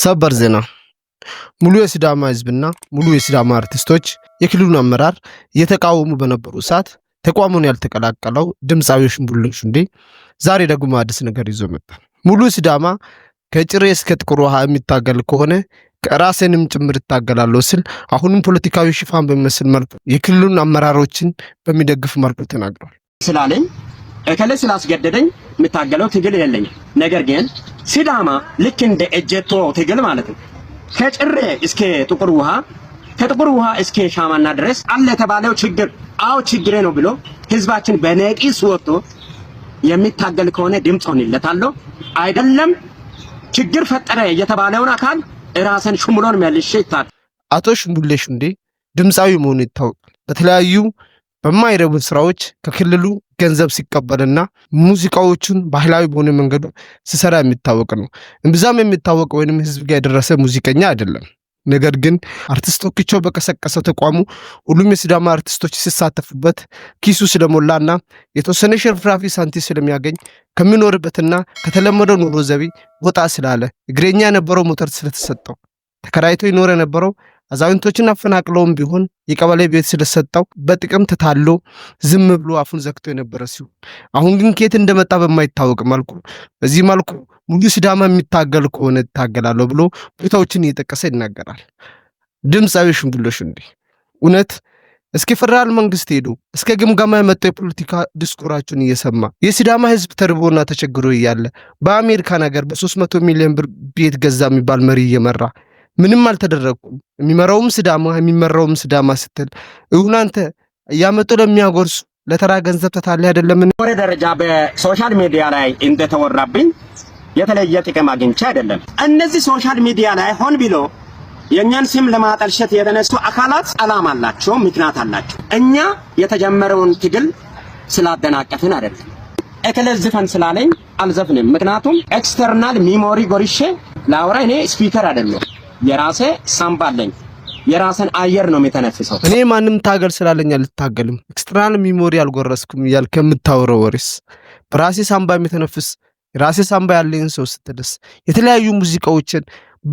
ሰበር ዜና ሙሉ የሲዳማ ህዝብና ሙሉ የሲዳማ አርቲስቶች የክልሉን አመራር እየተቃወሙ በነበሩ ሰዓት ተቋሙን ያልተቀላቀለው ድምፃዊ ሽንቡሌ ሹንዴ ዛሬ ደግሞ አዲስ ነገር ይዞ መጣ። ሙሉ ሲዳማ ከጭሬ እስከ ጥቁር ውሃ የሚታገል ከሆነ ከራሴንም ጭምር እታገላለሁ ሲል አሁንም ፖለቲካዊ ሽፋን በሚመስል መልኩ የክልሉን አመራሮችን በሚደግፍ መልኩ ተናግሯል። ስላለኝ እከሌ ስላስገደደኝ የምታገለው ትግል የለኝም። ነገር ግን ሲዳማ ልክ እንደ እጀቶ ትግል ማለት ነው። ከጭሬ እስከ ጥቁር ውሃ ከጥቁር ውሃ እስከ ሻማና ድረስ አለ የተባለው ችግር አዎ ችግሬ ነው ብሎ ህዝባችን በነቂስ ወጥቶ የሚታገል ከሆነ ድምፅ ሆንለታለሁ። አይደለም ችግር ፈጠረ የተባለውን አካል እራሰን ሽሙሎን መልሼ ይታል። አቶ ሽሙሌ ሽንዴ ድምፃዊ መሆኑ ይታወቃል። በተለያዩ በማይረቡ ስራዎች ከክልሉ ገንዘብ ሲቀበልና ሙዚቃዎቹን ባህላዊ በሆነ መንገዱ ሲሰራ የሚታወቅ ነው። እምብዛም የሚታወቅ ወይም ህዝብ ጋር የደረሰ ሙዚቀኛ አይደለም። ነገር ግን አርቲስት ኦኪቻው በቀሰቀሰው ተቋሙ ሁሉም የሲዳማ አርቲስቶች ሲሳተፉበት ኪሱ ስለሞላና የተወሰነ ሽርፍራፊ ሳንቲ ስለሚያገኝ ከሚኖርበትና ከተለመደው ኑሮ ዘቢ ወጣ ስላለ እግረኛ የነበረው ሞተር ስለተሰጠው ተከራይቶ ይኖር የነበረው አዛውንቶችን አፈናቅለውም ቢሆን የቀበሌ ቤት ስለሰጠው በጥቅም ተታሎ ዝም ብሎ አፉን ዘግቶ የነበረ ሲሆን አሁን ግን ከየት እንደመጣ በማይታወቅ መልኩ በዚህ መልኩ ሙሉ ሲዳማ የሚታገል ከሆነ እታገላለሁ ብሎ ቦታዎችን እየጠቀሰ ይናገራል። ድምፃዊ ሽንብሎ እንዲህ እውነት እስከ ፌደራል መንግስት ሄዶ እስከ ግምገማ የመጣው የፖለቲካ ዲስኩራችሁን እየሰማ የሲዳማ ህዝብ ተርቦና ተቸግሮ እያለ በአሜሪካን ሀገር በሶስት መቶ ሚሊዮን ብር ቤት ገዛ የሚባል መሪ እየመራ ምንም አልተደረግኩም። የሚመራውም ስዳማ የሚመራውም ስዳማ ስትል ይሁን አንተ እያመጡ ለሚያጎርሱ ለተራ ገንዘብ ተታለ አይደለምን? ወሬ ደረጃ በሶሻል ሚዲያ ላይ እንደተወራብኝ የተለየ ጥቅም አግኝቼ አይደለም። እነዚህ ሶሻል ሚዲያ ላይ ሆን ብሎ የእኛን ስም ለማጠልሸት የተነሱ አካላት አላማ አላቸው፣ ምክንያት አላቸው። እኛ የተጀመረውን ትግል ስላደናቀፍን አይደለም። እክለዝፈን ስላለኝ አልዘፍንም። ምክንያቱም ኤክስተርናል ሚሞሪ ጎርሼ ለአውራ እኔ ስፒከር አይደለም የራሴ ሳምባ አለኝ። የራስን አየር ነው የተነፍሰው። እኔ ማንም ታገል ስላለኝ አልታገልም። ኤክስትራል ሚሞሪ አልጎረስኩም እያል ከምታወረው ወሬስ በራሴ ሳምባ የሚተነፍስ የራሴ ሳምባ ያለኝን ሰው ስትደስ የተለያዩ ሙዚቃዎችን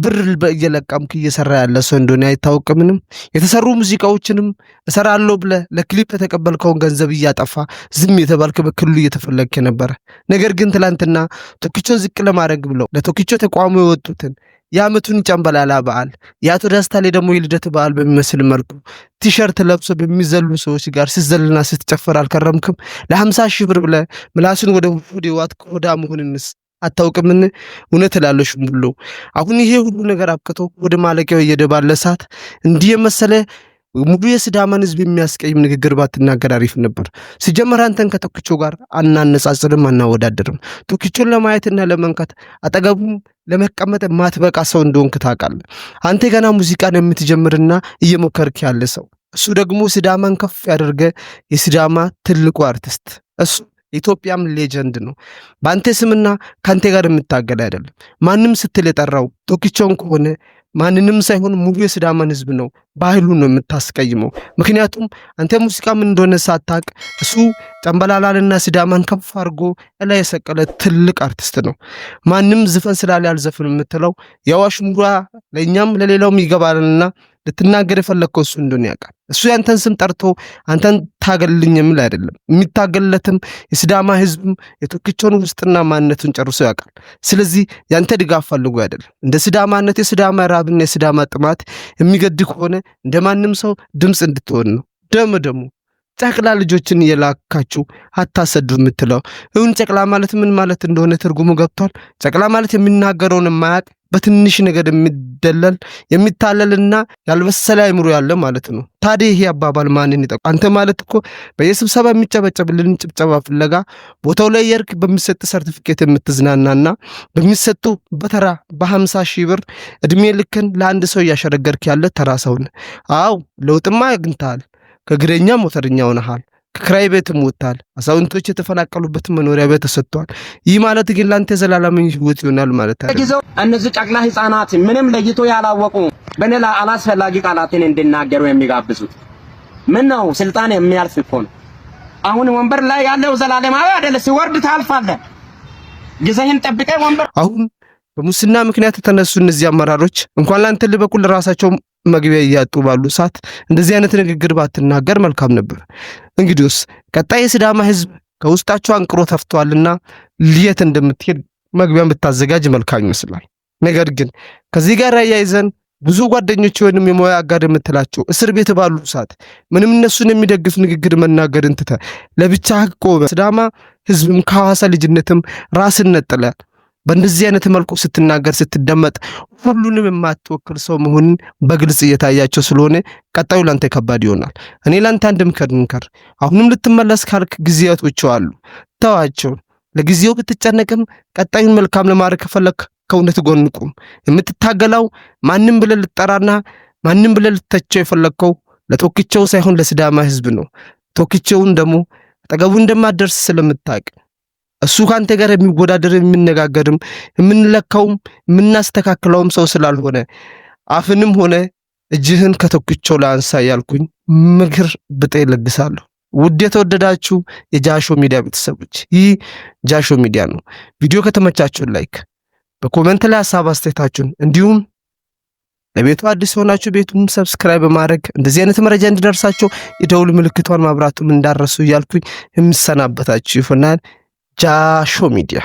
ብር እየለቀምክ እየሰራ ያለ ሰው እንደሆነ አይታወቅምንም። የተሰሩ ሙዚቃዎችንም እሰራለሁ ብለ ለክሊፕ የተቀበልከውን ገንዘብ እያጠፋ ዝም የተባልክ በክልሉ እየተፈለግክ ነበረ። ነገር ግን ትላንትና ቶኪቾን ዝቅ ለማድረግ ብለው ለቶኪቾ ተቋሙ የወጡትን የአመቱን ጨምበላላ በዓል የአቶ ዳስታ ላይ ደግሞ የልደት በዓል በሚመስል መልኩ ቲሸርት ለብሶ በሚዘሉ ሰዎች ጋር ስትዘልና ስትጨፈር አልከረምክም? ለሀምሳ ሺህ ብር ብለ ምላሱን ወደ ሆዴ ቆዳ መሆንንስ አታውቅምን? እውነት እላለሁ ሙሉ አሁን ይሄ ሁሉ ነገር አብቅቶ ወደ ማለቂያው እየደባለ ሰዓት እንዲህ የመሰለ ሙሉ የስዳማን ህዝብ የሚያስቀይም ንግግር ባትናገር አሪፍ ነበር። ሲጀመር አንተን ከቶክቾ ጋር አናነጻጽርም፣ አናወዳደርም። ቶክቾን ለማየትና ለመንካት አጠገቡም ለመቀመጥ ማትበቃ ሰው እንደሆንክ ታውቃለህ። አንተ ገና ሙዚቃን የምትጀምርና እየሞከርክ ያለ ሰው፣ እሱ ደግሞ ስዳማን ከፍ ያደርገ የስዳማ ትልቁ አርቲስት እሱ ኢትዮጵያም ሌጀንድ ነው። በአንተ ስምና ከአንተ ጋር የምታገል አይደለም። ማንም ስትል የጠራው ቶክቾን ከሆነ ማንንም ሳይሆን ሙሉ የስዳማን ህዝብ ነው ባህሉ ነው የምታስቀይመው። ምክንያቱም አንተ ምን እንደሆነ ሳታቅ እሱ ጨንበላላልና ስዳማን ከፍ አድርጎ ላይ የሰቀለ ትልቅ አርቲስት ነው። ማንም ዝፈን ስላለ አልዘፍን የምትለው የአዋሽ ሙራ ለእኛም ለሌላውም ይገባልና ልትናገር የፈለግከው እሱ እንደሆነ ያውቃል። እሱ ያንተን ስም ጠርቶ አንተን ታገልልኝ የሚል አይደለም። የሚታገልለትም የስዳማ ህዝብም የቶክቾን ውስጥና ማንነቱን ጨርሶ ያውቃል። ስለዚህ ያንተ ድጋፍ ፈልጎ አይደለም። እንደ ስዳማነት የስዳማ ራብና የስዳማ ጥማት የሚገድ ከሆነ እንደ ማንም ሰው ድምፅ እንድትሆን ነው። ደሞ ደሞ ጨቅላ ልጆችን እየላካችሁ አታሰዱ የምትለው እውን ጨቅላ ማለት ምን ማለት እንደሆነ ትርጉሙ ገብቷል። ጨቅላ ማለት የሚናገረውን ማያቅ በትንሽ ነገር የሚደለል የሚታለልና ያልበሰለ አይምሮ ያለ ማለት ነው። ታዲያ ይሄ አባባል ማንን ይጠቁ? አንተ ማለት እኮ በየስብሰባ የሚጨበጨብልን ጭብጨባ ፍለጋ ቦታው ላይ የርክ በሚሰጥ ሰርቲፊኬት የምትዝናናና በሚሰጡ በተራ በሀምሳ ሺህ ብር እድሜ ልክን ለአንድ ሰው እያሸረገርክ ያለ ተራ ሰውን። አዎ ለውጥማ አግኝተሃል። ከእግረኛ ሞተርኛ ሆነሃል። ክራይ ቤትም ወጥታል። አዛውንቶች የተፈናቀሉበት መኖሪያ ቤት ተሰጥቷል። ይህ ማለት ግን ለአንተ የዘላለም ህይወት ይሆናል ማለት ነው። እነዚህ ጨቅላ ህፃናት ምንም ለይቶ ያላወቁ በእኔ አላስፈላጊ ቃላትን እንድናገሩ የሚጋብዙት ምን ነው? ስልጣን የሚያልፍ እኮ ነው። አሁን ወንበር ላይ ያለው ዘላለማዊ አይደለ፣ ሲወርድ ታልፋለህ። ጊዜህን ጠብቀህ ወንበር አሁን በሙስና ምክንያት የተነሱ እነዚህ አመራሮች እንኳን ላንተ ሊበቁል ራሳቸው መግቢያ እያጡ ባሉ ሰዓት እንደዚህ አይነት ንግግር ባትናገር መልካም ነበር። እንግዲህስ ቀጣይ የሲዳማ ህዝብ ከውስጣቸው አንቅሮ ተፍቷልና ልየት እንደምትሄድ መግቢያን ብታዘጋጅ መልካም ይመስላል። ነገር ግን ከዚህ ጋር አያይዘን ብዙ ጓደኞች ወይንም የሙያ አጋር የምትላቸው እስር ቤት ባሉ ሰዓት ምንም እነሱን የሚደግፍ ንግግር መናገር እንትተ ለብቻ ቆመ ሲዳማ ህዝብም ከሐዋሳ ልጅነትም ራስን ነጥለ በእንደዚህ አይነት መልኩ ስትናገር ስትደመጥ ሁሉንም የማትወክል ሰው መሆንን በግልጽ እየታያቸው ስለሆነ ቀጣዩ ላንተ ከባድ ይሆናል። እኔ ላንተ አንድ ምክር ልምከር። አሁንም ልትመለስ ካልክ ጊዜያቶች አሉ፣ ተዋቸው። ለጊዜው ብትጨነቅም ቀጣዩን መልካም ለማድረግ ከፈለክ ከእውነት ጎን ቁም። የምትታገላው ማንም ብለን ልትጠራና ማንም ብለን ልተቸው የፈለግከው ለቶክቸው ሳይሆን ለስዳማ ህዝብ ነው። ቶክቸውን ደግሞ አጠገቡ እንደማደርስ ስለምታቅ እሱ ከአንተ ጋር የሚወዳደር የምነጋገርም የምንለካውም የምናስተካክለውም ሰው ስላልሆነ አፍንም ሆነ እጅህን ከተኩቸው ለአንሳ ያልኩኝ ምክር ብጤ ይለግሳለሁ። ውድ የተወደዳችሁ የጃሾ ሚዲያ ቤተሰቦች ይህ ጃሾ ሚዲያ ነው። ቪዲዮ ከተመቻችሁን ላይክ፣ በኮመንት ላይ ሀሳብ አስተያየታችሁን እንዲሁም ለቤቱ አዲስ የሆናችሁ ቤቱን ሰብስክራይብ በማድረግ እንደዚህ አይነት መረጃ እንዲደርሳቸው የደውል ምልክቷን ማብራቱም እንዳረሱ እያልኩኝ የምሰናበታችሁ ይሆናል። চাষো মিডিয়া